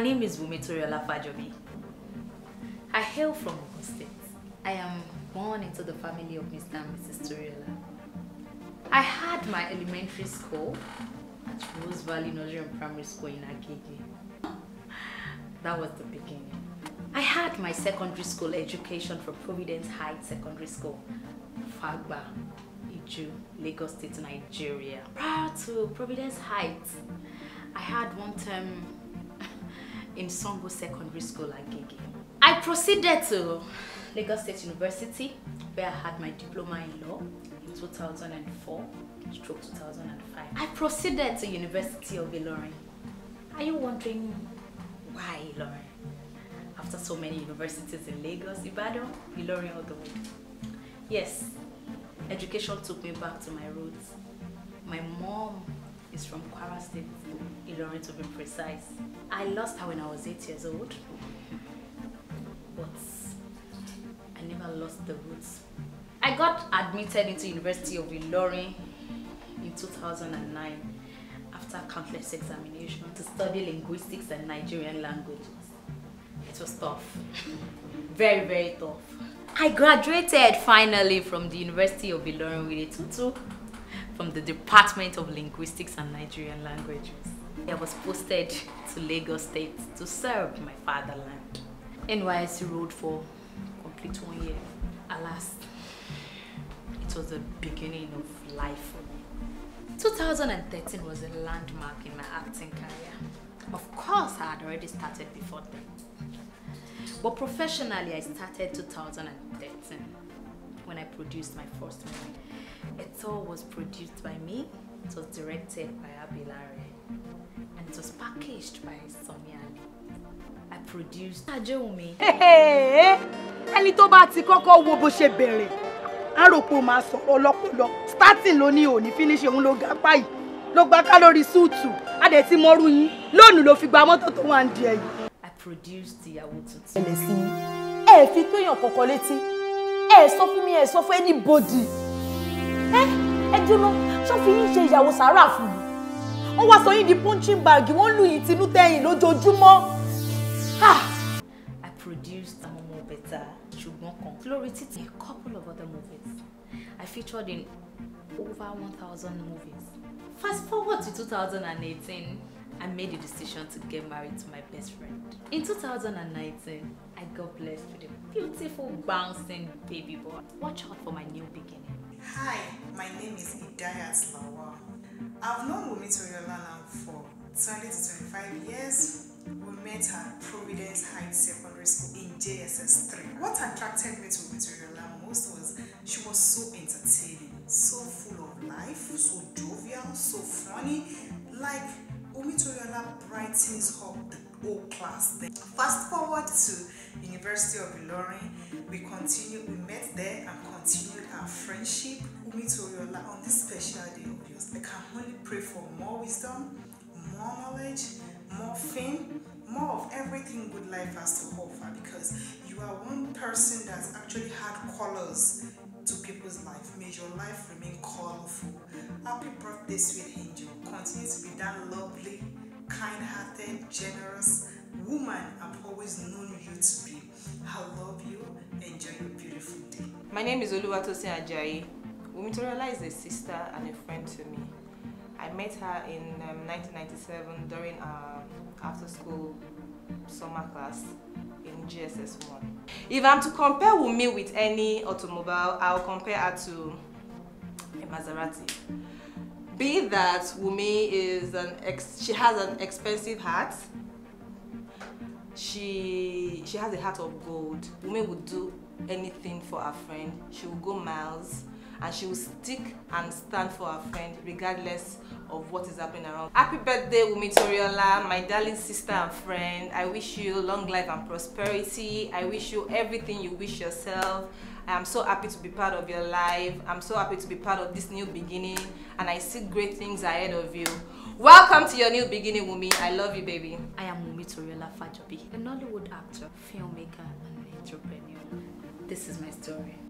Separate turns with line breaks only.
My name is Vumitoriola Fajomi. I hail from Ogun State. I am born into the family of Mr. and Mrs. Toriola. I had my elementary school at Rose Valley Nursery and Primary School in Agege. That was the beginning. I had my secondary school education from Providence Heights Secondary School, Fagba, Iju, Lagos State, Nigeria. Prior to Providence Heights, I had one term in Songo Secondary School at Gigi. I proceeded to Lagos State University where I had my diploma in law in 2004 stroke 2005. I proceeded to University of Ilorin. Are you wondering why Ilorin? After so many universities in Lagos, Ibadan, Ilorin all the way. Yes, education took me back to my roots. My mom is from Kwara State, Ilorin to be precise. I lost her when I was eight years old, but I never lost the roots. I got admitted into University of Ilorin in 2009 after countless examinations to study linguistics and Nigerian languages. It was tough, very, very tough. I graduated finally from the University of Ilorin with a tutu from the Department of Linguistics and Nigerian Languages. I was posted to Lagos State to serve my fatherland. NYSC rode for complete one year. Alas, it was the beginning of life for me. 2013 was a landmark in my acting career. Of course, I had already started before then. But professionally, I started 2013. when I produced my first movie. It all was produced by me, it was directed by Abilare, and it was packaged by Somiali. I produced Ajeumi. Ẹni tó bá ti kọ́kọ́ wo bó ṣe bẹ̀rẹ̀, á rò pé ó máa sọ ọlọ́pọlọ. Starting ló ní òní, finish òun ló ga páyì, ló gba kálórì súùtù, á dẹ̀ ti mọ́rú yín, lónìí ló fi gba mọ́tò tó wà ń di I produced ìyàwó tuntun. Ẹlẹ́sìn ẹ fi péyàn kọ̀ọ̀kan létí ẹ sọ fún mi ẹ sọ fún anybody ẹ ẹ dúró ṣọ́ fi yín ṣe ìyàwó sàárà fún mi wọ́n wá sọ yín di punching bag wọ́n lù yín tinú tẹ̀yìn lójoojúmọ́. I produced àwọn ọmọ bẹ̀tà ṣùgbọ́n kan lórí títí a couple of other movies I featured in over one thousand movies fast forward to two thousand and eighteen. I made the decision to get married to my best friend. In 2019, I got blessed with a beautiful bouncing baby boy. Watch out for my new beginning.
Hi, my name is Idaya Slawa. I've known Wumi Toriola for 20 to 25 years. We met at Providence High Secondary School in JSS 3. What attracted me to Wumi Toriola most was she was so entertaining, so full of life, so jovial, so funny, like brightens up the old class there. Fast forward to University of Ilorin, we continued, we met there and continued our friendship. Umi Toriola on this special day of yours. I can only pray for more wisdom, more knowledge, more fame, more of everything good life has to offer because you are one person that's actually had colors to people's life. May your life remain colorful. Happy birthday, sweet angel. Continue to be that lovely kind hearted, generous woman I've always known you to be. I love you. Enjoy your beautiful day.
My name is Oluwatosin Ajayi. Wumitoriola is a sister and a friend to me. I met her in um, 1997 during our after-school summer class in GSS1. If I'm to compare Wumi with any automobile, I'll compare her to a Maserati. Be that Wumi is an ex, she has an expensive hat. She she has a heart of gold. Wumi would do anything for her friend. She will go miles and she will stick and stand for her friend regardless of what is happening around. Happy birthday Wumi Toriola, my darling sister and friend. I wish you long life and prosperity. I wish you everything you wish yourself. I am so happy to be part of your life. I'm so happy to be part of this new beginning and I see great things ahead of you. Welcome to your new beginning, Wumi. I love you, baby. I am Wumi Toriola Fajobi, a Nollywood actor,
filmmaker, and entrepreneur. This is my story.